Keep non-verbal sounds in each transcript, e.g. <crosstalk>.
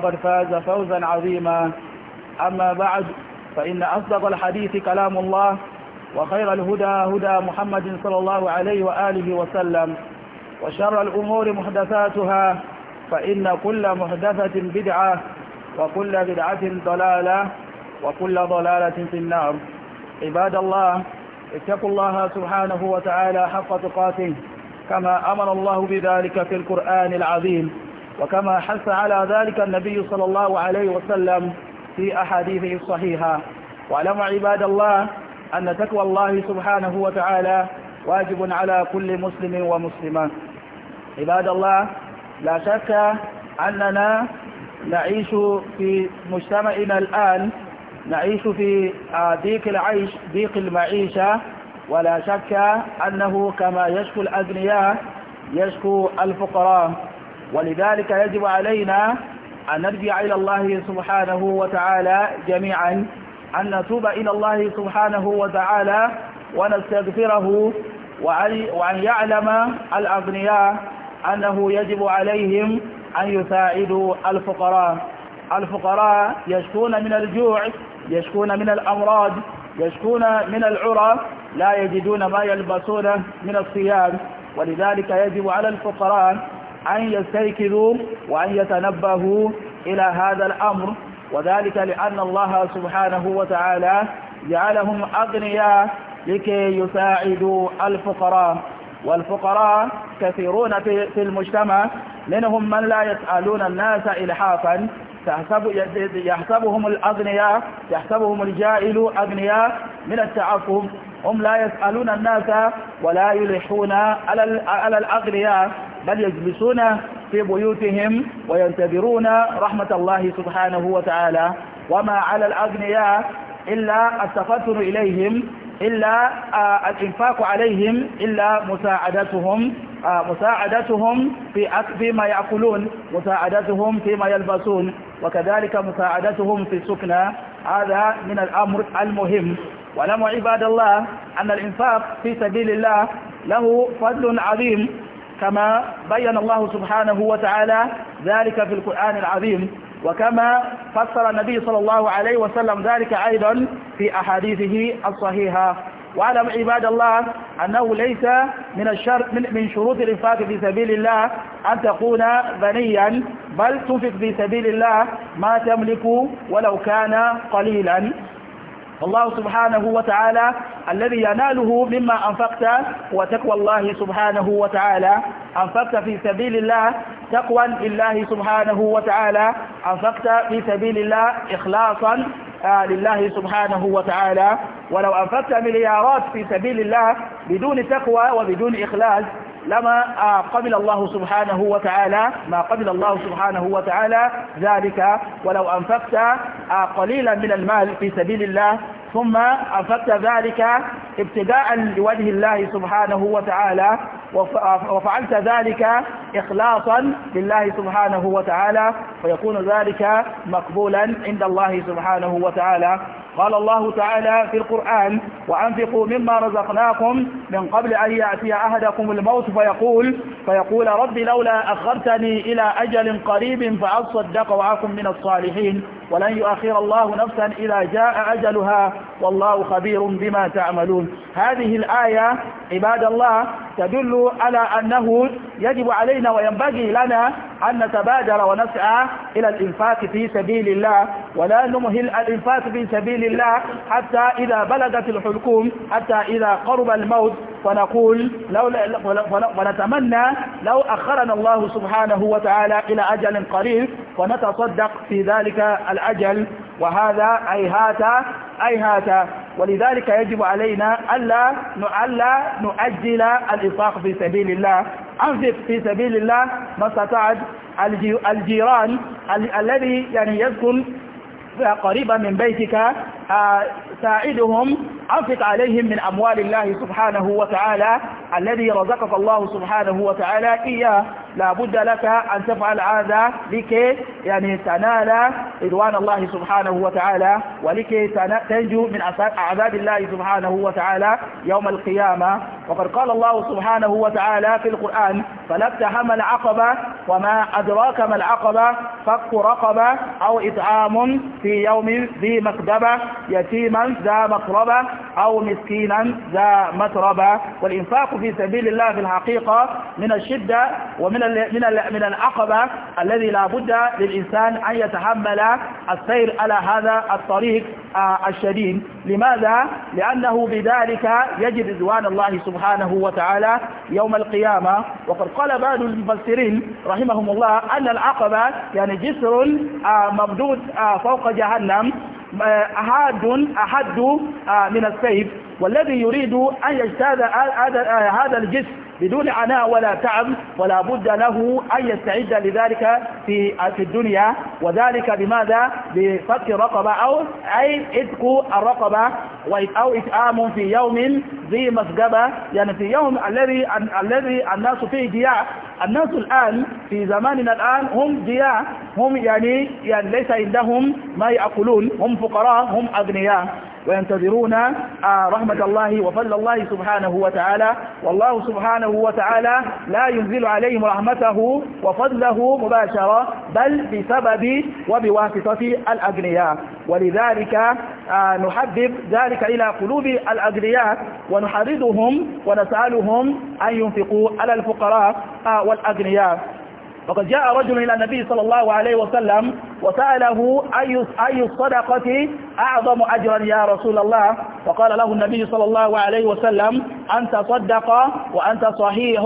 فقد فاز فوزا عظيما أما بعد فإن أصدق الحديث كلام الله وخير الهدى هدى محمد صلى الله عليه وآله وسلم وشر الأمور محدثاتها فإن كل محدثة بدعة وكل بدعة ضلالة وكل ضلالة في النار عباد الله اتقوا الله سبحانه وتعالى حق تقاته كما أمر الله بذلك في القرآن العظيم وكما حث على ذلك النبي صلى الله عليه وسلم في أحاديثه الصحيحة واعلموا عباد الله أن تقوى الله سبحانه وتعالى واجب على كل مسلم ومسلمة عباد الله لا شك أننا نعيش في مجتمعنا الآن نعيش في آه، ضيق العيش ضيق المعيشة ولا شك أنه كما يشكو الأغنياء يشكو الفقراء ولذلك يجب علينا أن نرجع إلى الله سبحانه وتعالى جميعا أن نتوب إلى الله سبحانه وتعالى ونستغفره وأن يعلم الأغنياء أنه يجب عليهم أن يساعدوا الفقراء الفقراء يشكون من الجوع يشكون من الأمراض يشكون من العرى لا يجدون ما يلبسونه من الصيام ولذلك يجب على الفقراء أن يستيقظوا وأن يتنبهوا إلى هذا الأمر وذلك لأن الله سبحانه وتعالى جعلهم أغنياء لكي يساعدوا الفقراء والفقراء كثيرون في المجتمع منهم من لا يسألون الناس إلحافا تحسب يحسبهم الأغنياء يحسبهم الجائل أغنياء من التعفف هم لا يسألون الناس ولا يلحون على الأغنياء بل يجلسون في بيوتهم وينتظرون رحمة الله سبحانه وتعالى وما على الأغنياء إلا التفتن إليهم إلا آه، الإنفاق عليهم إلا مساعدتهم آه، مساعدتهم في فيما يأكلون مساعدتهم فيما يلبسون وكذلك مساعدتهم في السكنى هذا من الأمر المهم ولم عباد الله أن الإنفاق في سبيل الله له فضل عظيم كما بين الله سبحانه وتعالى ذلك في القرآن العظيم وكما فسر النبي صلى الله عليه وسلم ذلك أيضا في أحاديثه الصحيحة واعلم عباد الله أنه ليس من الشر من, من شروط الإنفاق في سبيل الله أن تكون غنيا بل تنفق في سبيل الله ما تملك ولو كان قليلا الله سبحانه وتعالى الذي يناله مما أنفقت وتقوى الله سبحانه وتعالى أنفقت في سبيل الله تقوى لله سبحانه وتعالى أنفقت في سبيل الله إخلاصا آه، لله سبحانه وتعالى ولو أنفقت مليارات في سبيل الله بدون تقوى وبدون إخلاص لما قبل الله سبحانه وتعالى ما قبل الله سبحانه وتعالى ذلك ولو أنفقت آه، قليلا من المال في سبيل الله ثم أنفقت ذلك ابتداء لوجه الله سبحانه وتعالى آه، وفعلت ذلك إخلاصا لله سبحانه وتعالى فيكون ذلك مقبولا عند الله سبحانه وتعالى قال الله تعالى في القرآن وأنفقوا مما رزقناكم من قبل أن يأتي أحدكم الموت فيقول فيقول رب لولا أخرتني إلى أجل قريب فأصدق وأكن من الصالحين ولن يؤخر الله نفسا إذا جاء أجلها والله خبير بما تعملون هذه الآية عباد الله تدل على أنه يجب علينا وينبغي لنا أن نتبادر ونسعى إلى الإنفاق في سبيل الله ولا نمهل الإنفاق في سبيل الله حتى إذا بلغت الحلقوم حتى إذا قرب الموت فنقول لو ونتمنى لو أخرنا الله سبحانه وتعالى إلى أجل قريب فنتصدق في ذلك الأجل وهذا أيهات أيهات ولذلك يجب علينا ألا ألا نؤجل الإطاق في سبيل الله أنفق في سبيل الله ما استطعت الجيران الذي يعني يسكن قريبا من بيتك ساعدهم أنفق عليهم من أموال الله سبحانه وتعالى الذي رزقك الله سبحانه وتعالى إياه لابد لك أن تفعل هذا لكي يعني تنال رضوان الله سبحانه وتعالى ولكي تنجو من أعذاب الله سبحانه وتعالى يوم القيامة وقد قال الله سبحانه وتعالى في القرآن فلابتهم العقبة وما أدراك ما العقبة فك رقبة أو إطعام في يوم ذي مكدبة يتيما ذا مطربة أو مسكينا ذا متربة والإنفاق في سبيل الله في الحقيقة من الشدة ومن الـ من الـ من العقبة الذي لا بد للإنسان أن يتحمل السير على هذا الطريق آه، الشديد لماذا؟ لأنه بذلك يجد رضوان الله سبحانه وتعالى يوم القيامة وقد قال بعض المفسرين رحمهم الله أن العقبة يعني جسر آه، ممدود آه، فوق جهنم آه، أحد أحد آه، من السيف والذي يريد أن يجتاز آه، هذا الجسم بدون عناء ولا تعب ولا بد له أن يستعد لذلك في الدنيا وذلك بماذا بفك الرقبة أو أي إتق الرقبة أو إتآم في يوم ذي مسقبة يعني في يوم الذي الذي الناس فيه جياع الناس الآن في زماننا الآن هم ضياع هم يعني, يعني ليس عندهم ما يأكلون هم فقراء هم أغنياء وينتظرون آه، رحمة الله وفضل الله سبحانه وتعالى والله سبحانه وتعالى لا ينزل عليهم رحمته وفضله مباشرة بل بسبب وبواسطة الأغنياء ولذلك آه، نحبب ذلك إلى قلوب الأغنياء ونحرضهم ونسألهم أن ينفقوا على الفقراء آه، والأغنياء وقد جاء رجل إلى النبي صلى الله عليه وسلم وسأله أي, أي الصدقة أعظم أجرا يا رسول الله فقال له النبي صلى الله عليه وسلم أنت صدق وأنت صحيح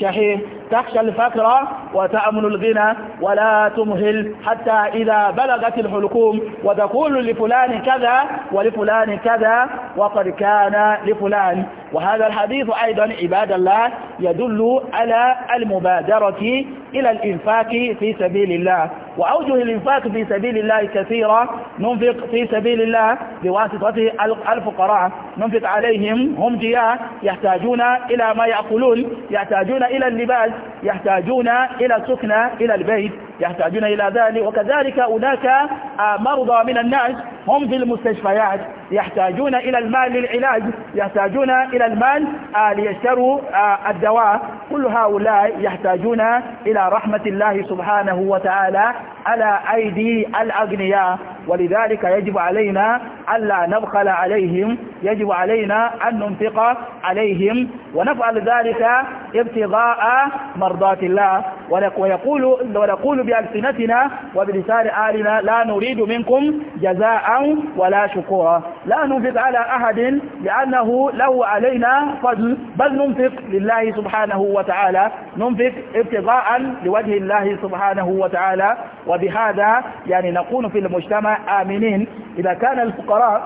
شحيح تخشى الفقر وتأمن الغنى ولا تمهل حتى إذا بلغت الحلقوم وتقول لفلان كذا ولفلان كذا وقد كان لفلان وهذا الحديث أيضا عباد الله يدل على المبادرة إلى الإنفاق في سبيل الله وأوجه الإنفاق في سبيل الله كثيرة ننفق في سبيل الله بواسطته الفقراء ننفق عليهم هم جياع يحتاجون إلى ما يأكلون يحتاجون إلى اللباس يحتاجون إلى السكنة إلى البيت يحتاجون إلى ذلك وكذلك هناك آه، مرضى من الناس هم في المستشفيات يحتاجون إلى المال للعلاج يحتاجون إلى المال آه، ليشتروا آه، الدواء كل هؤلاء يحتاجون إلى رحمة الله سبحانه وتعالى على أيدي الأغنياء ولذلك يجب علينا ألا نبخل عليهم يجب علينا أن ننفق عليهم ونفعل ذلك ابتغاء مرضاة الله ويقول, ونقول بألسنتنا وبلسان آلنا لا نريد منكم جزاء ولا شكورا لا ننفق على أحد لأنه له علينا فضل بل ننفق لله سبحانه وتعالى ننفق ابتغاء لوجه الله سبحانه وتعالى وبهذا يعني نكون في المجتمع آمنين إذا كان الفقراء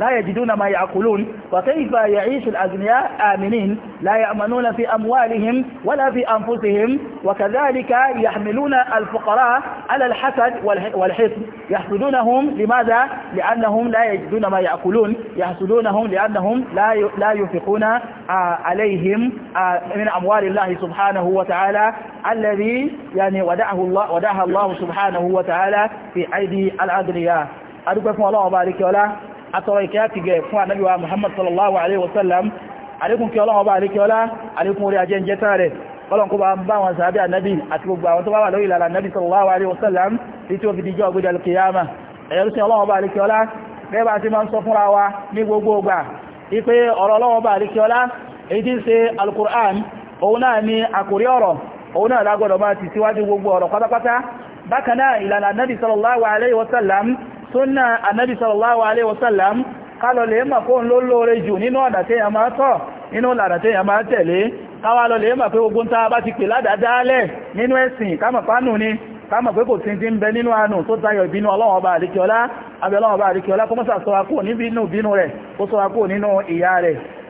لا يجدون ما يعقلون فكيف يعيش الأغنياء آمنين لا يأمنون في أموالهم ولا في أنفسهم وكذلك يحملون الفقراء على الحسد والحسد يحسدونهم لماذا؟ لأنهم لا يجدون ما يأكلون يحسدونهم لأنهم لا لا ينفقون عليهم من أموال الله سبحانه وتعالى الذي يعني ودعه الله ودعها الله سبحانه وتعالى في أيدي الأغنياء أدوكم الله وبارك ولا atọrọ ìkẹ́ àti gẹ̀ fún ànábì wa muhammad sallallahu alaihi wasallam àlékún kí ọlọ́wọ́ bá àlékí ọlá àlékún orí ajé ń jẹta rẹ̀ ọlọ́nkú bá ń bá wọn sàábí ànábì àti gbogbo àwọn tó bá wà lórí ìlànà ànábì sallallahu alaihi wasallam tí tí ó fi dijọ́ ọgbẹ́dẹ̀ alkiyama ẹ̀yọ́ sí ọlọ́wọ́ bá àlékí ọlá bẹ́ẹ̀ bá ti máa ń sọ fúnra wa ní súnà annabi sallallahu alaihi wasallam kálọ̀ lè mọ̀ fóun ló lóore jù nínú ọ̀nà tí yàn máa tọ̀ nínú ọ̀nà tí yàn máa tẹ̀lé káwà lọ lè mọ̀ pé ogun tá a bá ti pe ládàádáálẹ̀ nínú ẹ̀sìn kámọ̀ pánù ni kámọ̀ pé kò tí ti ń bẹ nínú àánú tó ọba ọba binu binu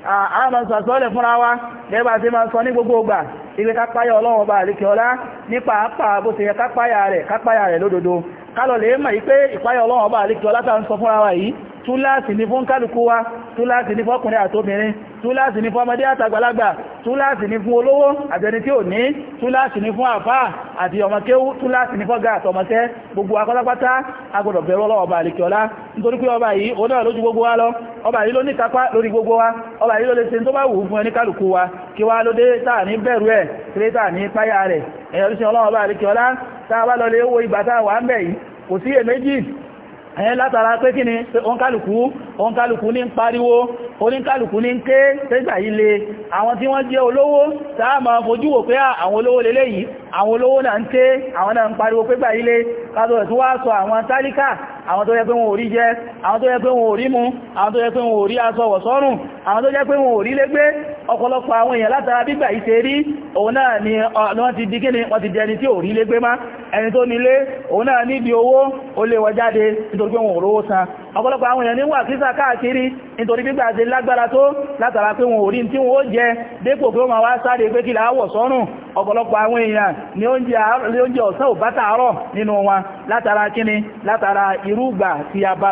àmà sàtọ́lẹ̀ fúnra wa gẹ́gbà tí ma sọ ní gbogbo ọgbà ibi kápáyà ọlọ́wọ́ bá àríkẹ́ ọlá nípa àpá bó ti yẹ kápáyà rẹ̀ kápáyà rẹ̀ lódodo kálọ̀ lè mọ̀ yí pé ìpáyà ọlọ́wọ́ bá àríkẹ́ ọlá tàà ń sọ fúnra wa yìí túláàsì túláàsì ní fọ́kùnrin ato túláàsì ní fọ́mọdé àtàgbàlagbà túláàsì ní fún olówó àtẹni tí ò ní túláàsì ní fún àfáà àti ọmọkéwú túláàsì ní fọ́gá àtọmọkẹ́ gbogbo akọ́lápátá agbọ́dọ̀ bẹ̀rù ọlọ́ọ̀bà àlìkíọlá nítorí pé ọba yìí ó náà lójú gbogbo ọba gbogbo ọba wa ẹ̀ látara pé kí ni oǹkálùkù oǹkálùkù ní ń pariwo oníkálùkù ní ń ké tẹ́gbà ilé àwọn tí wọ́n jẹ́ olówó sáà ma fojú wò pé àwọn olówó lélé yìí àwọn olówó náà ń ké àwọn náà ń pariwo pé gbà ilé kátọ̀ ẹ̀tún wá sọ àwọn tálíkà àwọn tó yẹ pé wọn ò rí jẹ àwọn tó yẹ pé wọn ò rí mu àwọn tó yẹ ni wọ́n ti di kíni wọ́n ti di tí ò ẹni tó nílé òun náà níbi owó ó lè wọ jáde nítorí pé wọn ò rówó san ọ̀pọ̀lọpọ̀ àwọn èèyàn níwà kísà káàkiri nítorí gbígbà àti lágbára tó látara pé wọn ò rí tí wọ́n ó jẹ dépò pé ó wá sáré pé kí láwọ̀ sọ́rùn ọ̀pọ̀lọpọ̀ àwọn èèyàn ni oúnjẹ ọ̀sán ò bá nínú wọn látara kíni látara irúgbà ti ọba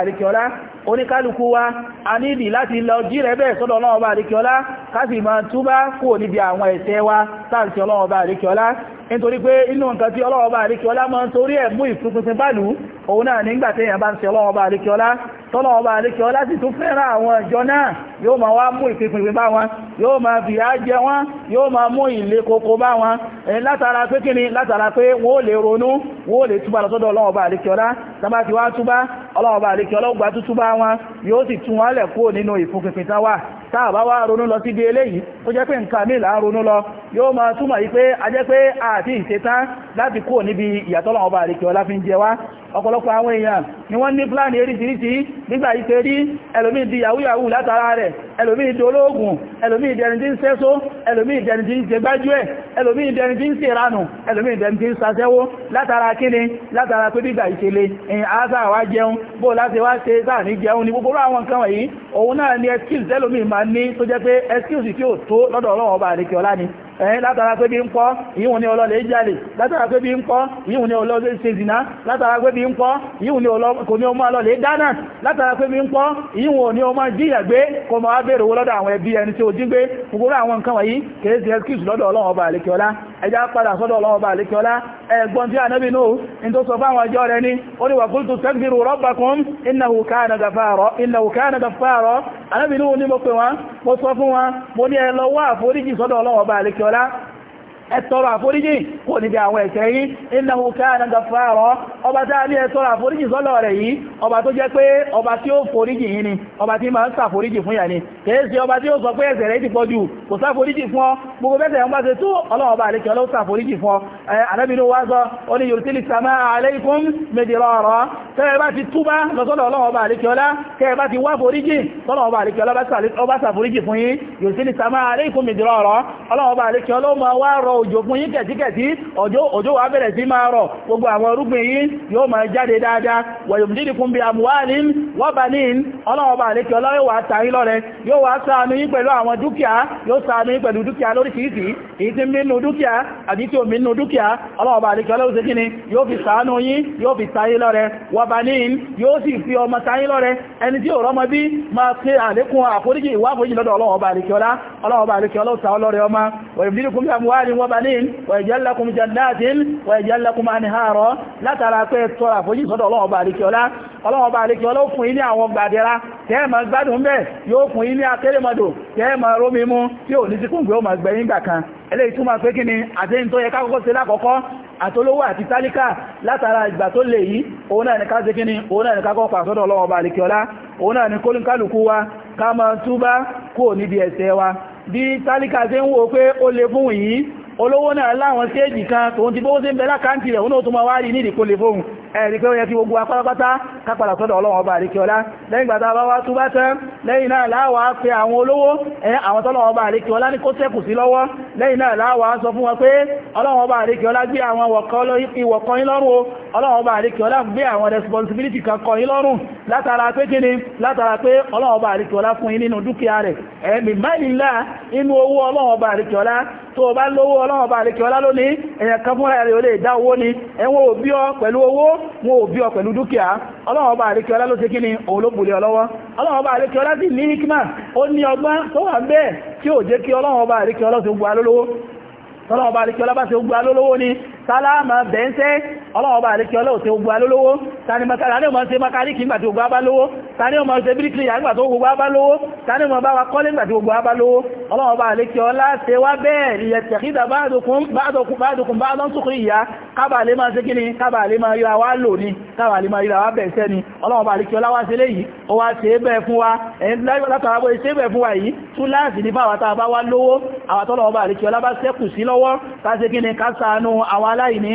àríkẹ́ oníkálukú wa a níbi láti lọ jíre bẹ́ẹ̀ sọ́dọ̀ ọlọ́run ọba àríkíọlá káàsì ma túbá kúrò níbi àwọn ẹ̀ṣẹ̀ wa láti ọlọ́run ọba àríkíọlá nítorí pé inú nǹkan tí ọlọ́run ọba àríkíọlá máa ń torí ẹ̀ mú ìfúnpinpin bálù òun náà nígbà téèyàn bá ń ṣe ọlọ́run ọba àríkíọlá tọ́lọ̀ ọba àríkẹ́ ọlá sì tún fẹ́ràn àwọn ìjọ náà yóò máa wá mú ìpínpín bá wọn yóò máa fìyà jẹ wọn gbà tútúbà wọn yóò sì tún wọn lẹ̀ kúrò nínú ìfúnpinpin tán wà tàbá wá ronú lọ sí di eléyìí tó jẹ́ pé nǹkan míì là ronú lọ yóò máa túmọ̀ yí pé a jẹ́ pé àti ìṣetán láti kúrò níbi ìyàtọ́lọ̀ ọba àríkẹ́ ọlá fi ń jẹ wá ọ̀pọ̀lọpọ̀ àwọn èèyàn ni wọ́n ní pláàni eríṣiríṣi nígbà yí tẹ́rí ẹlòmí di yahoo yahoo látara rẹ̀ ẹlòmí di olóògùn ẹlòmí ìdẹni tí ń sẹ́só ẹlòmí ìdẹni tí ń ṣe gbájúẹ̀ ẹlòmí ìdẹni tí ń ṣe ránù ẹlòmí ìdẹni tí ń sasẹ́wó látara kíni látara pé bígbà ìṣẹ̀lẹ̀ ẹ̀yìn àásà ni ẹskìl tẹ́lòmí ma ní tó jẹ́ pé excuse tí ó tó lọ́dọ̀ ọlọ́run ọba àríkẹ́ ọlá ni ẹ̀yìn eh, látara pé bí ń pọ́ ìhun ni ọlọ́lẹ̀ jálè látara pé bí ń pọ́ ìhun ni ọlọ́lẹ̀ ṣe zìná látara pé bí ń pọ́ ìhun ni kò ní ọmọ ọlọ́lẹ̀ dáná látara pé bí ń pọ́ ìhun ni ọmọ jíyàn gbé kò máa bèèrè owó lọ́dọ̀ àwọn ẹbí ẹni tí ó dín gbé gbogbo àwọn nǹkan wọ̀nyí kìí ṣe excuse lọ́dọ̀ ọlọ́run ọba àlekíọlá ẹjá padà sọ́dọ̀ ọlọ́run ọba àlekíọlá ẹgbọ́n tí ànábì Nuh in tó sọ fáwọn ọjọ́ rẹ̀ ní ọlá ẹ tọrọ àforíjì kò níbi àwọn ẹ̀ṣẹ̀ yín innahu kana ghaffara ọba tá a ní ẹ tọrọ àforíjì sọ́lọ̀ rẹ̀ yìí ọba tó jẹ́ pé ọba tí ó foríjì yín ni ọba tí máa ń ṣàforíjì fún yà ni kìí ṣe ọba tí ó sọ pé ẹ̀ṣẹ̀ rẹ̀ ti pọ̀ jù kò ṣàforíjì fún ọ gbogbo bẹ́sẹ̀ ń bá ṣe tó ọlọ́run ọba àlekẹ́ ọlọ́run ṣàforíjì fún ọ anábìnú wa sọ ó ní yursilis samaa alaykum midrara tẹ́ ẹ bá ti túbá lọ́sọ́dọ̀ ọlọ́run ọba àlekẹ́ ọlá tẹ́ bá ti wá foríjì tọ́lọ́run ọba àlekẹ́ ọlá bá ṣàforíjì fún yín yursilis samaa alaykum midrara ọlọ́run ọba àlekẹ́ ọlọ́run máa wá òjò fún yín kẹ̀tíkẹ̀tí òjò wà bẹ̀rẹ̀ sí máa rọ̀ gbogbo àwọn irúgbìn yín yóò máa jáde dáadáa wọ̀yọ̀mùdídìkún bí amwalin wa banin ọlọ́wọ́ba àlékẹ́ ọlọ́wọ́ wà tàí lọ́rẹ yóò wá ṣàánú yín pẹ̀lú àwọn dúkìá yóò ṣàánú yín pẹ̀lú dúkìá lóríṣiríṣi èyí tí mínú dúkìá àti tí ò mínú dúkìá ọlọ́wọ́ba àlékẹ́ ọlọ́wọ́ sí kíni yóò fi ṣàánú yín yóò fi tàí lọ́rẹ wa banin yóò sì fi ọmọ tàí lọ́rẹ ẹni tí ò rọ́mọ bí وبنين ويجعل لكم جنات ويجعل لكم أنهارا لا ترى كيف ترى فجي صدى الله بارك ولا الله بارك ولا fún yín ní àwọn gbàdẹ̀ra tẹ́ẹ̀mà pé kí ni àtẹ́yìn tó àtolówó àti tálíkà látara ìgbà tó lè yìí òun náà ní ká ṣe kí òun náà ní ká kọ́kọ́ àsọ́dọ̀ ọlọ́wọ́ ọba àlekíọlá òun náà ní kólúkálùkù wa ká máa túbá kúò níbi ẹ̀ṣẹ̀ wa bí tálíkà ṣe ń wò pé ó le fún yìí olówó náà láwọn stéèjì kan tó ń ti bó ṣe ń bẹ lákàntì rẹ̀ oónà tó ma wá rí ní ìdíkò lè fóhun ẹ̀rí pé ó yẹ kí gbogbo apárápátá kápàdà sọ́dọ̀ ọlọ́run ọba àríkẹ́ ọlá lẹ́yìn gbàtà bá wá túbá tán lẹ́yìn náà láwàá pé àwọn olówó ẹ àwọn tọ́lọ́run ọba àríkẹ́ ọlá ní kó tẹ́kù sí lọ́wọ́ lẹ́yìn náà láwàá sọ fún wọn pé ọlọ́run ọba àríkẹ́ ọlá gbé àwọn ìwọ̀kọ́ yín lọ́rùn ọlọ́run ọba àríkẹ́ ọlá gbé àwọn responsibility kan kọ́ yín lọ́rùn látara pé kíni látara pé ọlọ́run ọba àríkẹ́ ọlá fún yín nínú dúkìá rẹ̀ ẹ̀mì máìlì ńlá inú owó ọlọ́run ọba àríkẹ́ tó bá lówó ọlọ́wọ́ bá lè kí ọlá lónìí èyàn kan fúnra rẹ̀ dá owó ni ẹwọ́n ò bí ọ pẹ̀lú owó wọn ò bí ọ pẹ̀lú dúkìá ọlọ́wọ́ bá lè kí ọlá ló ni ọlọ́wọ́ ọlọ́wọ́ bá lè kí ọlá ní hikima ó ní ọgbọ́n tó wà bẹ́ẹ̀ tí ó jẹ́ kí ọlọ́wọ́ bá lè kí tọ́lọ́ọ̀bá àríkíọlá bá ṣe ó gbà lólówó ni sálámà bẹ̀ẹ́sẹ́ ọlọ́ọ̀bá àríkíọlá ò ṣe ó gbà lólówó tani makara ní ọmọ ṣe makaríkì nígbàtí ó gbà bá lówó tani ọmọ ṣe bíríkìlìyà nígbàtí ó gbà bá lówó tani ọmọ bá wa kọ́lé nígbàtí ó gbà bá lówó ọlọ́ọ̀bá àríkíọlá ṣe wá bẹ́ẹ̀ ìyẹ̀tẹ̀kídà báàdùkùn báàdùn sùkúrì ìyá kábà lè máa ṣe kíni kábà lè máa ríra wá lò ní kábà lè máa ríra wá bẹ̀ ṣẹ́ ni ọlọ́ọ̀bá àríkíọlá wá ṣe léyìí ó wá ṣe bẹ́ẹ̀ fún wa ẹ̀yìn látara bó ṣe bẹ́ẹ̀ fún wa yìí lọ́wọ́ ká ṣe kí ni ká ṣàánú àwọn aláìní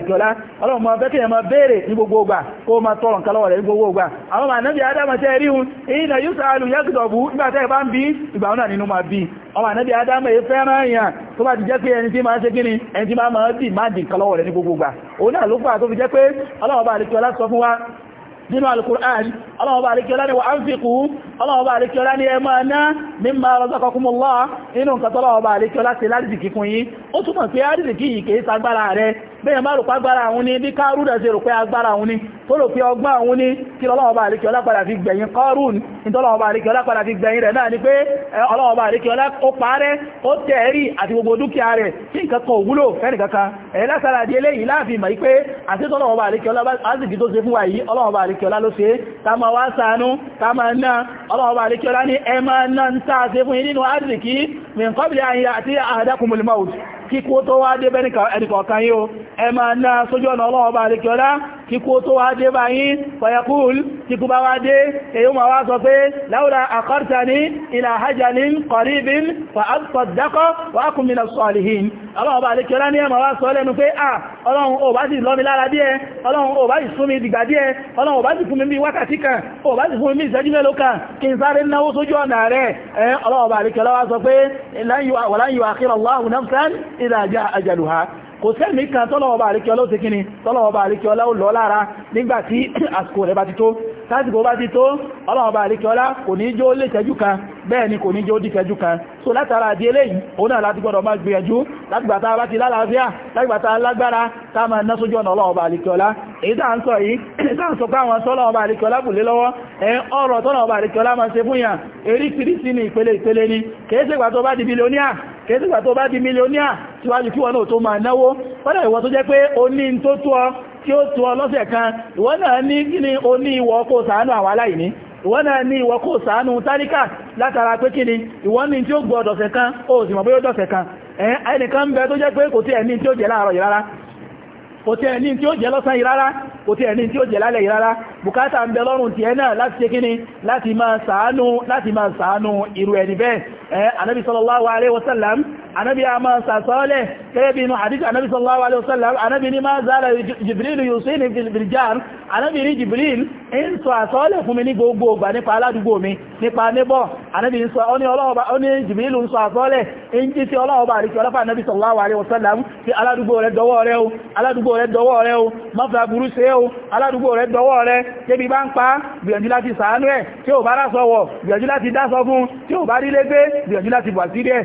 àlejòlá ọlọ́run máa bẹ́kẹ̀ máa béèrè ní gbogbo ọgbà kó máa tọrọ nǹkan lọ́wọ́ rẹ̀ ní gbogbo ọgbà àwọn ọmọ ànábì Ádámù tẹ́ rí hun èyí na yóò sáàlù yẹ́gìdọ̀bù nígbà bụ bá ń bí ìgbà náà nínú máa bí ọmọ ànábì Ádámù èyí fẹ́ràn ma tó bá ti jẹ́ pé ẹni tí máa ṣe kí ni ẹni tí máa máa dì máa dì nǹkan rẹ̀ ní gbogbo ọgbà òun náà ló fà tó fi jẹ́ pé ọlọ́run bá fún wa nínú al-Qur'an ọlọ́wọ́ bá rí kí ọlá ní wa anfiqu ọlọ́wọ́ bá rí kí ọlá ní ẹ máa ná mimma razaqakumullah inú nǹkan tọ́lọ́wọ́ bá rí kí ọlá ti lárídìkì fún yín ó túnmọ̀ pé àrídìkì yìí kìí sagbára rẹ bẹ́ẹ̀ má rò pàgbára àwọn ní bí kárúdà sí rò pé agbára àwọn ní tó rò pé ọgbọ́n àwọn ní kí ọlọ́wọ́ bá rí kí ọlá padà fi gbẹ̀yìn kọ́rùn ìtọ́lọ́wọ́ bá rí kí ọlá padà fi gbẹ̀yìn rẹ̀ náà ni pé ọlọ́wọ́ bá rí kí ó tẹ̀ẹ̀rí àti gbogbo dúkìá rẹ̀ tí nǹkan kan àríkẹ́ọlá ló ṣe ká máa wá ṣàánú ká máa náà ọlọ́ọ̀bá alékiọlá ní ẹmà náà ń tàà sí fún ìrìnà àdìríkí min qabli an ya'tiya ahadakumul maut kíkó tó wá dé bẹ́nìkọ̀ọ̀kan yóò ẹmà náà sójú ọ̀nà ọlọ́ọ̀bá alékiọlá kíkó tó wá dé báyín fayakul kíkú bá wá dé èyí ma wá sọ pé laula akhartani ila ajalin qaribin fa asaddaqa wa akun min as-salihin ọlọ́ọ̀bá alékiọlá ní ẹmà wá sọ lẹ́nu pé à ah, ọlọ́run ò bá sì lọ lára díẹ̀ ọlọ́run ò bá sì sún dìgbà díẹ̀ ọlọ́run ò bá sì fún mi bí wákàtí kan ò bá sì fún mi bí ìṣẹ́jú mélòó kí n sáré náwó sójú ọ̀nà rẹ̀ ẹ̀ ọlọ́ọ̀bà àríkẹ́lọ́wà sọ pé walan yu'akhira Allahu nafsan idha ja'a ajaluha kò sẹ́mì kan tọ́lọ̀wọ̀bà àríkẹ́ọlọ́ ti kíni tọ́lọ̀wọ̀bà àríkẹ́ọlá ò lọ lára nígbàtí àsìkò rẹ̀ bá ti tó tásìkò bá ti tó ọlọ́wọ̀bà bẹ́ẹ̀ ni kò ní jẹ́ ó dìkẹjú kan so látara àdí eléyìí òun náà láti gbọ́dọ̀ máa gbìyànjú látìgbàtà bá ti lálàáfíà látìgbàtà lágbára tá máa ná sójú ọ̀nà ọlọ́ọ̀bà àlìkọ́lá èyí tá ń sọ yìí <coughs> tá ń sọ pé àwọn sọ́lọ́ọ̀bà àlìkọ́lá bù lé lọ́wọ́ ẹ ọ̀rọ̀ di bílíọ́níà kìí ṣègbà di mílíọ́níà síwájú kí wọn náà tó máa náwó fọ́dọ̀ ìwọ tó jẹ́ pé o ní tó tó ọ tí ó tó ọ lọ́sẹ̀ kan ìwọ náà ní kí o ní ìwọ kó ṣàánú àwọn aláìní ìwọ́n náà ní ìwọ kò sàánú táríkà látara pé kí ni ìwọ́n ní tí ó gbọ́ ọ̀dọ̀sẹ̀ kan ó sì mọ̀ pé ó dọ̀sẹ̀ kan ẹnìkan ń bẹ tó jẹ́ pé kò tí ẹ̀ ní tí ó jẹ́ láàárọ̀ yìí rárá kò tí ẹni tí ó jẹ lọ́sàn ìrárá kò tí ẹni tí ó jẹ lálẹ́ ìrárá bùkátà ń bẹ lọ́rùn tí ẹ náà láti ṣe kíní láti máa ṣàánú láti máa ṣàánú irú ẹni bẹ́ẹ̀ ẹ̀ anábi sallallahu alaihi wasallam anábi a máa sàṣọ́lẹ̀ gẹ́gẹ́ bí inú sallallahu alaihi wasallam anábi ní máa zala jibril yusuf biljar anábi ní jibril ń sọ àṣọ́lẹ̀ fún mi ní gbogbo ògbà nípa aládùúgbò mi nípa níbọ̀ anábi ń sọ ọ́ní ọlọ́ọ̀bá ọ́ní jibril ń sọ àṣọ́lẹ̀ ń jí sí sallallahu alaihi wasallam fi aládùúgbò rẹ̀ dọwọ́ rẹ̀ aládùúgbò aládùúgbò rẹ̀ dọwọ́ rẹ̀ o mọ́fà burú ṣe o aládùúgbò rẹ̀ dọwọ́ rẹ̀ tébí bá ń pa gbìyànjú láti ṣàánú ẹ̀ tí ò bá rásọwọ̀ gbìyànjú láti dásọ fún tí ò bá rí lé gbé gbìyànjú láti wà sílẹ̀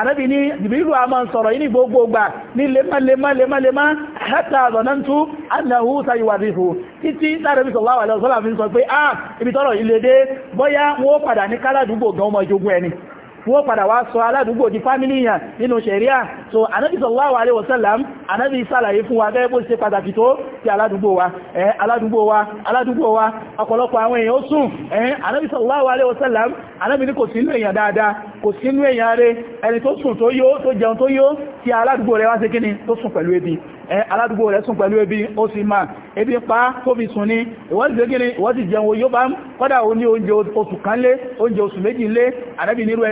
ànábì ní ìbílù àmọ́ sọ̀rọ̀ yìí gbogbo gbà ní lemọ́lemọ́lemọ́lemọ́ ah, wọ́n padà wá sọ aládùúgbò di fámílì yàn nínú ṣẹ̀ríà so anábi sallallahu alaihi wasallam anábi sàlàyé fún wa gẹ́gẹ́ bó ṣe pàtàkì tó ti aládùúgbò wa ẹ̀ aládùúgbò wa aládùúgbò wa ọ̀pọ̀lọpọ̀ àwọn èèyàn ó sùn ẹ̀ anábi sallallahu alaihi wasallam anábi ni kò sínú èèyàn dáadáa kò sínú èèyàn rẹ̀ ẹni tó sùn tó yó tó jẹun tó yó tí aládùúgbò rẹ̀ wá sí kíni tó sùn pẹ̀lú ebi aládùúgbò rẹ̀ sùn pẹ̀lú ebi ó sì máa ebi pa tó fi sùn ní ìwọ́n ti gíní ìwọ́n ti jẹun oyó bá ń kọ́dà ó ní oúnjẹ oṣù kan lé oúnjẹ oṣù méjì lé àdábì nírú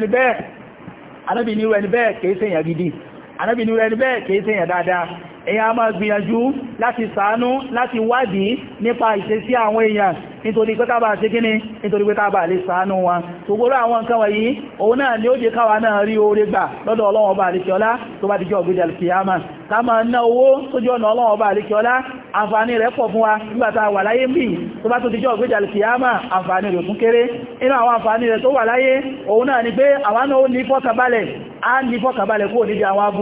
ẹni bẹ́ẹ̀ kìí ṣèyàn gidi anábì ní ẹni bẹ́ẹ̀ kìí ṣèyàn dáadáa èyàn a máa gbìyànjú láti ṣàánú láti wádìí nípa ìṣesí àwọn èèyàn nítorí pé kábà sí kíní nítorí pé kábà lè ṣàánú wa gbogbo àwọn nǹkan wọ̀nyí òun náà ni ó jẹ́ káwa náà rí oore gbà lọ́dọ̀ Ọlọ́run ọba àríkíọlá tó bá ti jẹ́ ọ̀gbẹ́dẹ̀ ká máa ná owó sójú ọ̀nà Ọlọ́run ọba àríkíọlá àǹfààní rẹ̀ pọ̀ fún wa nígbàtà wà láyé mbí tó bá tó díjọ́ ògbéjà kìyàmà àǹfààní rẹ̀ tún kéré inú àwọn àǹfààní rẹ̀ tó wà láyé òun náà ni pé àwọn náà ó ní fọ́kàbalẹ̀ a ní fọ́kàbalẹ̀ kó níbi àwọn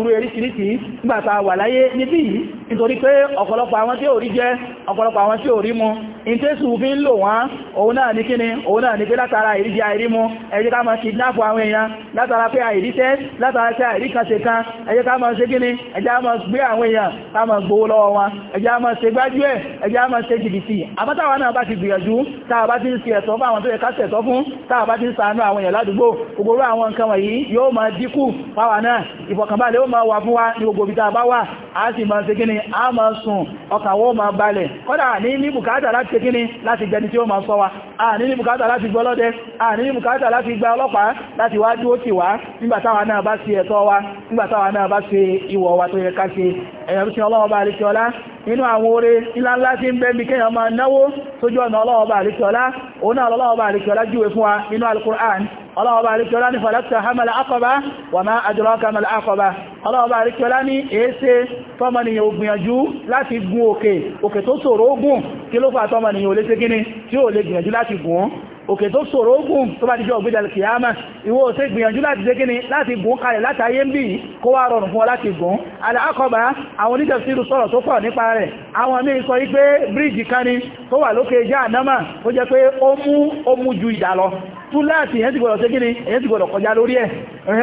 nítorí pé ọ̀pọ̀lọpọ̀ àwọn tí ò rí jẹ ọ̀pọ̀lọpọ̀ àwọn tí ò rí mu in tí èsù fi ń lò wọ́n òun náà ní kíni òun náà ní pé látara ìríjẹ àìrí mu ẹ jẹ́ ká máa kìdínápù àwọn èèyàn látara pé àìríṣẹ́ látara pé àìrí kan ṣe kan ẹ jẹ́ ká máa ṣe kíni ẹ jẹ́ ká máa gbé àwọn èèyàn ká máa gbowó lọ́wọ́ wọn ẹ jẹ́ ká máa ṣe gbájú ẹ̀ ẹ jẹ́ ká máa ṣe jìbìtì àbátàwọn náà bá ti gbìyànjú táà bá ti ń ṣe ẹ̀tọ́ fún àwọn tó yẹ ká ṣẹ̀tọ́ fún táà bá ti ń ṣàánú àwọn èèyàn ládùúgbò gbogbo àwọn nǹkan wọ̀nyí yóò máa dínkù fáwa náà ìfọ̀kànbalẹ̀ ó máa wà fún wa ní gbogbo ibi tá a bá wà á sì máa ṣe kíni kíni a máa sùn ọkàn wó máa balẹ̀ kọ́dà ní ní bùkátà láti ṣe kíni láti jẹni tí ó máa sọ wa a ní ní bùkátà láti gbọ́lọ́dẹ a ní ní bùkátà láti gba ọlọ́pàá láti wá dúó tì wá nígbàtàwà náà bá ṣe ẹ̀tọ́ wa nígbàtàwà náà bá ṣe ìwọ̀ wa tó yẹ ká ṣe ẹ̀yàn tí ọlọ́wọ́ bá àríkẹ́ ọlá nínú àwọn oore ńláńlá tí ń bẹ bí kéèyàn máa náwó sójú ọ̀nà ọlọ́wọ́ bá àríkẹ́ ọlá òun náà ọlọ́wọ́ bá àríkẹ́ ọlá júwe fún wa nínú alukur'an الله بارك لنا فلتهم العقبة وما أدراك ما العقبة الله بارك لنا èése tọ́mọnìyàn ògbìyànjú láti gun òkè òkè tó ṣòro gùn kí ló fà tọ́mọnìyàn ò lè ṣe gíní tí ó lè gbìyànjú láti gùn òkè tó ṣòro ogun tó bá ti jọ ògbéjà kìyàmá ìwọ ò ṣe gbìyànjú láti dé kíni láti gùn kalẹ̀ látàyé ń bí kó wá rọrùn fún ọ láti gùn alákọ̀ọ́bá àwọn oníjẹ̀síru sọ̀rọ̀ tó pọ̀ nípa rẹ̀ àwọn míì sọ wípé bíríìjì kan ni tó wà lókè Jahannama ó jẹ́ pé ó mú ó mú ju ìdà lọ túláàtì èyàn ti gbọ́dọ̀ ṣe kíni èyàn ti gbọ́dọ̀ kọjá lórí ẹ̀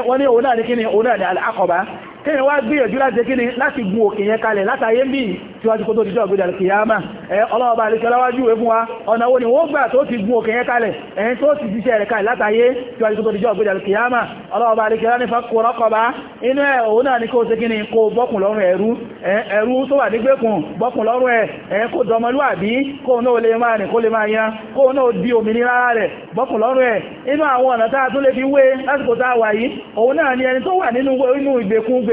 wọ́n ní òun náà ní kíni òun náà ní alákọ̀ọ́bá kéèyàn wá gbìyànjú láti kí láti gun òkè yẹn kalẹ̀ látàyé ń bí tíwájú kó tó dìjọ́ ògbèdà kìyàmá ẹ ọlọ́ọ̀bá láwájú wa ọ̀nà wo ni wọ́n gbà tó ti gun òkè yẹn kalẹ̀ ẹ̀yìn tó ti ṣiṣẹ́ rẹ̀ kalẹ̀ látàyé tíwájú kó tó dìjọ́ ògbèdà kìyàmá ọlọ́ọ̀bá náà ni kó kó bọ́kùn lọ́rùn ẹ̀rú ẹ̀rú tó wà bọ́kùn lọ́rùn ẹ̀ kó rẹ̀ bọ́kùn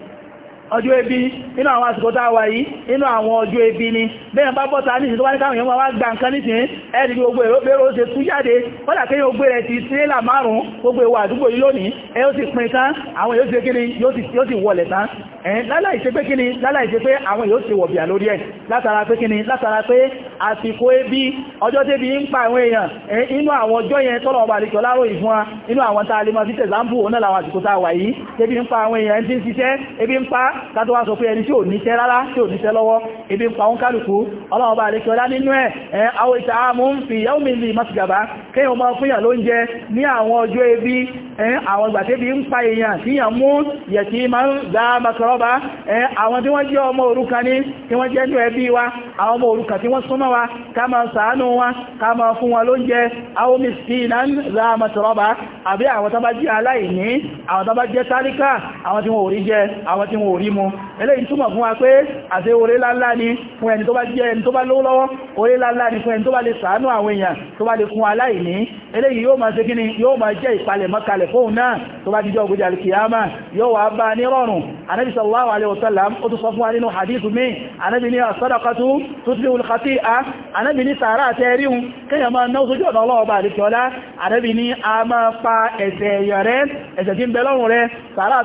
ọjọ́ ebi inú àwọn àsìkò tá a wà yìí inú àwọn ọjọ́ ebi ni bẹ́ẹ̀ bá bọ́ta ní ìsìnkú wá ní káwọn èèyàn wá gba nǹkan nísìn ẹni bí gbogbo èrò bẹ́rọ ṣe tú jáde wọ́n dà kéyàn gbé rẹ̀ ti tírélà márùn-ún gbogbo ìwà àdúgbò yìí lónìí ẹ yóò ti pin tán àwọn yóò ti kíni yóò ti wọlẹ̀ tán ẹ̀yìn láláì ṣe pé kíni láláì ṣe pé àwọn yóò ti wọ̀bìà lórí ẹ̀ látara pé kíni látara pé àsìkò ebi ọjọ́ tẹ́bi ń pa àwọn èèyàn inú àwọn ọjọ́ kátó wá sọ pé ẹni tí ò níṣẹ́ rárá tí ò níṣẹ́ lọ́wọ́ ebi ń pa òun kálùkù ọlọ́run bá àríkẹ́ ọlá nínú ẹ̀ àwọn ìta mú ń fi yàwó mi lè mọ́sìgàbá kéèyàn mọ́ fúnyàn lóúnjẹ ní àwọn ọjọ́ ebi àwọn ìgbàtébí ń pa èèyàn tí yàn mú yẹ̀tí ma ń dá makarọba àwọn tí wọ́n jẹ́ ọmọ òrukàn ní tí wọ́n jẹ́ ní ẹbí wa àwọn ọmọ òrukàn tí wọ́n súnmọ́ wa ká ma ṣàánú wa ká ma fún wọn lóúnjẹ àwọn miskinan àwọn tó bá jẹ́ aláìní àwọn tó àwọn tí wọ́n àwọn tí mímu eléyìí túmọ̀ fún wa pé àṣẹ oore láńlá ni fún ẹni tó bá jẹ́ ẹni tó bá lówó lọ́wọ́ oore láńlá ni fún ẹni tó bá lè ṣàánú àwọn èèyàn tó bá lè fún aláìní eléyìí yóò máa ṣe kíni yóò máa jẹ́ ìpalẹ̀mọ́ kalẹ̀ fóun náà tó bá jíjọ́ ògbójà alkiyama yóò wá bá ní rọrùn anábi sallallahu alaihi wasallam ó tún sọ fún wa nínú hadithu mi anábi ní as-sadaqatu tutbi'u al-khati'a anábi ní sàárà tẹ́ríun kíyàn máa a máa pa ẹ̀ṣẹ̀ èèyàn rẹ̀ ẹ̀ṣẹ̀ tí ń bẹ lọ́rùn rẹ̀ sàárà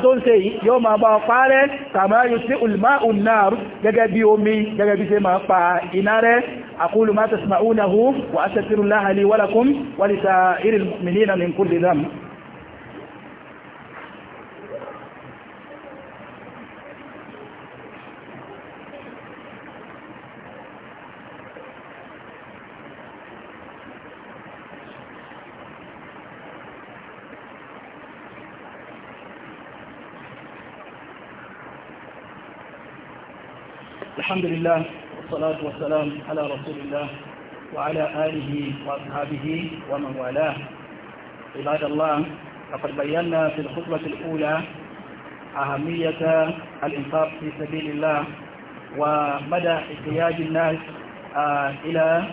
kàmá yusmi'u al-ma'u an-nar gẹ́gẹ́ bí omi gẹ́gẹ́ bí ṣe máa pa iná rẹ̀ aqulu ma tasma'unahu wa astaghfirullaha li wa lakum wa li sa'iril mu'minina min kulli dhanb الحمد لله والصلاة والسلام على رسول الله وعلى آله وأصحابه ومن والاه عباد الله لقد بينا في الخطبة الأولى أهمية الإنفاق في سبيل الله ومدى احتياج الناس آه إلى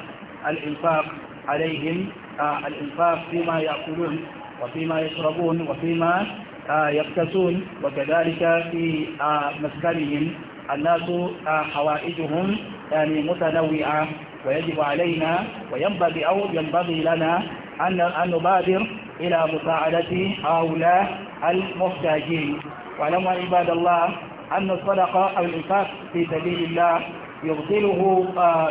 الإنفاق عليهم آه الإنفاق فيما يأكلون وفيما يشربون وفيما آه، يقتسون وكذلك في آه، مسكنهم الناس آه، حوائجهم يعني متنوعة ويجب علينا وينبغي أو ينبغي لنا أن نبادر إلى مساعدة هؤلاء المحتاجين واعلموا عباد الله أن الصدقة أو الإنفاق في سبيل الله يبطله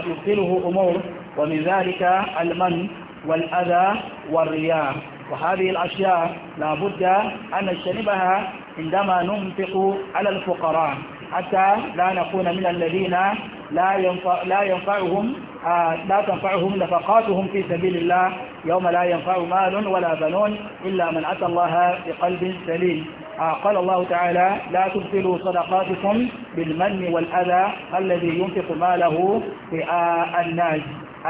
يبطله أمور ومن ذلك المن والأذى والرياء وهذه الأشياء لا بد أن نجتنبها عندما ننفق على الفقراء حتى لا نكون من الذين لا ينفع لا ينفعهم آه، لا تنفعهم نفقاتهم في سبيل الله يوم لا ينفع مال ولا بنون إلا من أتى الله بقلب سليم آه، قال الله تعالى لا تبطلوا صدقاتكم بالمن والأذى الذي ينفق ماله في الناس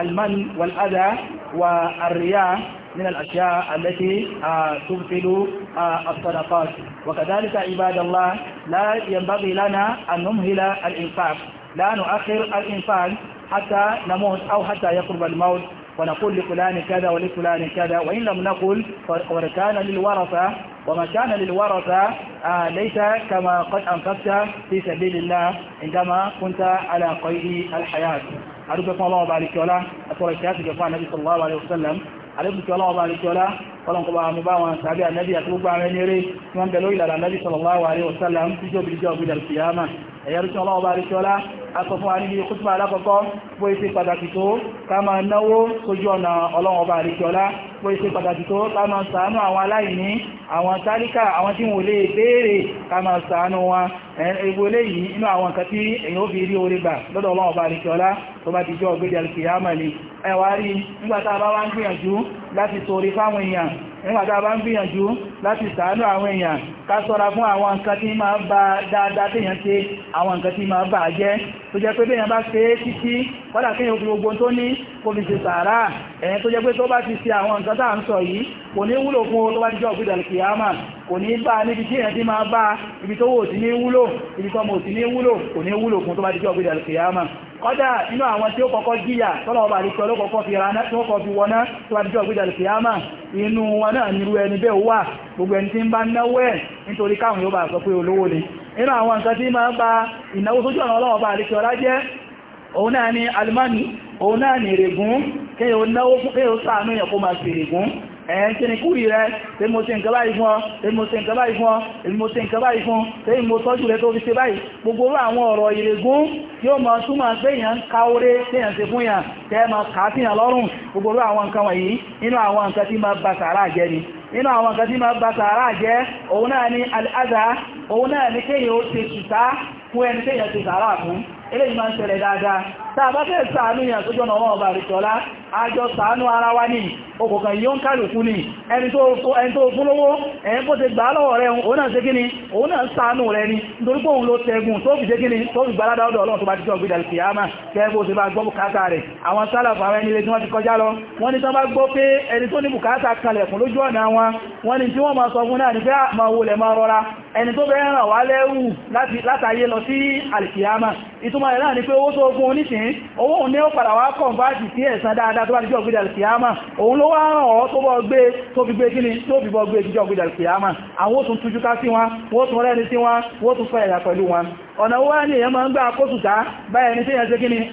المن والأذى والرياء من الأشياء التي آه، تبطل آه، الصدقات وكذلك عباد الله لا ينبغي لنا أن نمهل الإنفاق لا نؤخر الإنفاق حتى نموت أو حتى يقرب الموت ونقول لفلان كذا ولفلان كذا وإن لم نقل وكان للورثة وما كان للورثة آه، ليس كما قد أنفقت في سبيل الله عندما كنت على قيد الحياة أرجوكم الله وبارك ولا أتركات جفاء النبي صلى الله عليه وسلم àlébùsọ̀ ọlọ́ọ̀bá àríkíọ́lá ọlọ́nkọba àmúbá wọn tàbí ànẹ́bí àti gbogbo àwọn ẹnire tí wọ́n bẹ̀lú ìlànà ànẹ́bí sallallahu alaihi wasallam tí jọ bìí jọ gbìdà kìyàmà ẹ̀yẹ́rùsọ̀ ọlọ́ọ̀bá àríkíọ́lá aṣọ fún wa níbi kútùbà alákọ̀ọ́kọ́ bó ṣe pàtàkì tó ká máa náwó sójú ọ̀nà ọlọ́ọ̀bá àríkíọ́lá bó ṣe pàtàkì tó ká máa ṣàánú àwọn aláìní àwọn tálíkà àwọn tí wọ́n lè béèrè ká máa ṣàánú wọn ẹgbẹ́ eléyìí inú àwọn nǹkan tí èyàn ó fi rí orí gbà lọ́dọ̀ ọlọ́run bá rikí ọlá tó bá ti jọ ọgbẹ́dẹ̀ alkiyama ni ẹwà rí nígbàtà bá wá ń gbìyànjú láti sọ̀rí fáwọn èèyàn nígbàtà bá ń gbìyànjú láti ṣàánú àwọn ẹ̀yẹn tó jẹ́ pé tó bá ti ṣe àwọn nǹkan tá à ń sọ yìí kò ní wúlò fún tó bá ti jọ ògbìdà kìyàmà kò ní bá níbi tí èèyàn ti máa bá ibi tó wò sí ní wúlò ibi tó mò sí ní wúlò kò ní wúlò fún tó bá ti jọ ògbìdà kìyàmà kọ́dà inú àwọn tí ó kọ́kọ́ jíyà tọ́lọ̀ ọba àríkọ́ ló kọ́kọ́ fi rana tí ó kọ́ fi wọná tó bá ti jọ ògbìdà kìyàmà inú wọn náà nírú ẹni bẹ́ẹ̀ wà gbogbo ẹni tí ń bá náwó ẹ̀ nítorí káwọn yóò bá sọ pé olówó ni inú àwọn nǹkan tí máa ń ba ìnáwó sójú ọ̀nà ọlọ́wọ́ ọba àríkọ́ ọlá jẹ́ òun náà ni alimani òun náà ni ìrègùn kéyàn ó náwó fún kéyàn ó sáànú èèyàn kó máa fèrè gún ẹ̀yẹn kí ni kúrì rẹ tí mo ṣe nǹkan báyìí fún ọ tí mo ṣe nǹkan báyìí fún ọ tí mo ṣe nǹkan báyìí fún tí mo tọ́jú rẹ tó fi ṣe báyìí gbogbo àwọn ọ̀rọ̀ ìrègún yóò máa túmọ̀ pé èèyàn ń ka oré téèyàn ṣe fún yàn tẹ́ máa kà á sí yàn lọ́rùn gbogbo àwọn nǹkan wọ̀nyí nínú àwọn nǹkan tí máa ba sàárà jẹ́ ni nínú àwọn nǹkan tí máa ba sàárà jẹ́ òun náà ni al-adha òun náà ni kéèyàn ó ṣe ṣùtá fún ẹni téèyàn ṣe sàárà fún eléyìí máa ń ṣẹlẹ̀ dáadáa tá a bá fẹ́ ṣàánú ìyàn tó jọ́nà ọmọ ọba àrìṣọ́lá àjọ ṣàánú ara wa ní òkùnkàn yíó ń kàlùkù ní ẹni tó fún lówó ẹ̀yìn kó ti gbà lọ́wọ́ rẹ̀ òun náà ṣe kí ni òun náà ṣàánú rẹ̀ ni nítorí pé ni tó fi gbà ládá ọ̀dọ̀ Ọlọ́run tó kẹ́gbó ṣe bá gbọ́ bùkátà rẹ̀ àwọn sálàfà àwọn ẹnilé tí wọ́n ti kọjá lọ wọ́n ní tán bá gbọ́ pé ẹni tó ní bùkátà kalẹ̀kùn lójú ọ̀nà wọn wọ́n ní tí wọ́n máa sọ fún náà ní pé ah, máa wọlẹ̀ máa rọra ẹni tó bẹ̀rẹ̀ ràn wá lẹ́rù látàyé lọ sí alìkìyàmà ìtumọ̀ rẹ̀ náà ni pé owó tó ogun oníṣìn owó òun ní ó padà wá kọ̀ bá jì sí ẹ̀san dáadáa tó bá jíjọ́ gbídà alìkìyàmà òun ló wá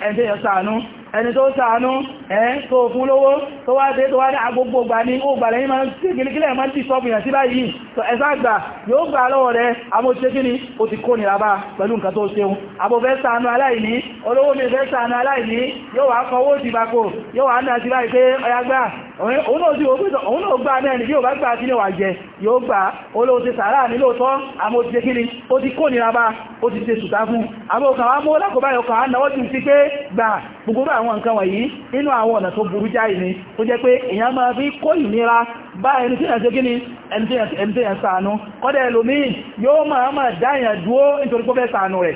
ẹ̀dẹ́yẹ sáànú ẹni tó sàánú ẹ́ tó fún lówó tó wá dé tó wá ní agbogbo gbà ní ó gbàlẹ̀ yìí máa ń tí gílígílẹ̀ máa ń tí sọ́pù yàn sí báyìí tó ẹ̀sá àgbà yóò gbà lọ́wọ́ rẹ̀ amóṣekíní ó ti kó nìrabá pẹ̀lú nǹkan tó ṣeun abòfẹ́ sàánú aláìní olówó mi fẹ́ sàánú aláìní yóò wá kọwó ìdìbàkò yóò wá náà sí báyìí pé ọyagbà òun náà sí òun náà gbà náà ní bí ò bá gbà sí ní wàjẹ yóò gbà olóò ti sàárà ní lóòtọ́ àmó ti jẹ́kíní ó ti kó nìrabá ó ti ṣe sùtá fún àmó kàwá mọ́ lákòbáyọ̀ kàwá náà ó ti sí pé gbà gbogbo àwọn nǹkan wọ̀nyí nínú àwọn ọ̀nà tó burú jáì ni tó jẹ́ pé èyàn máa fi kó ìnira bá ẹni tí yàn ṣe gíní ẹni tí yàn ṣàánú kọ́dẹ̀ ẹlòmíì yóò máa máa dáyàn dúó nítorí pé ó rẹ̀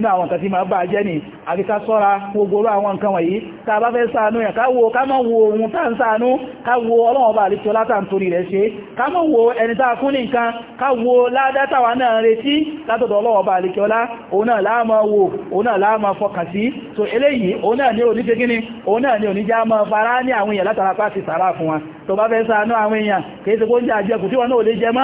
inú àwọn tàbí ma bá jẹ́ ní àríká sọ́ra gbogboro àwọn nǹkan wọ̀nyí ta bá fẹ́ ṣàánú yẹn ká wo ká mọ́ wo ohun tá ń ṣàánú ká wo ọlọ́wọ́ bá àríkẹ́ látà ń torí rẹ̀ ṣe ká mọ́ wo ẹni tá fún ní nǹkan ká ládátàwà náà retí látọ̀dọ̀ ọlọ́wọ́ bá so eléyìí òun náà ní oníṣe gíní òun náà ní oníjá mọ́ fara ní àwọn èèyàn látara pàtì sàrà fún wa tó bá fẹ́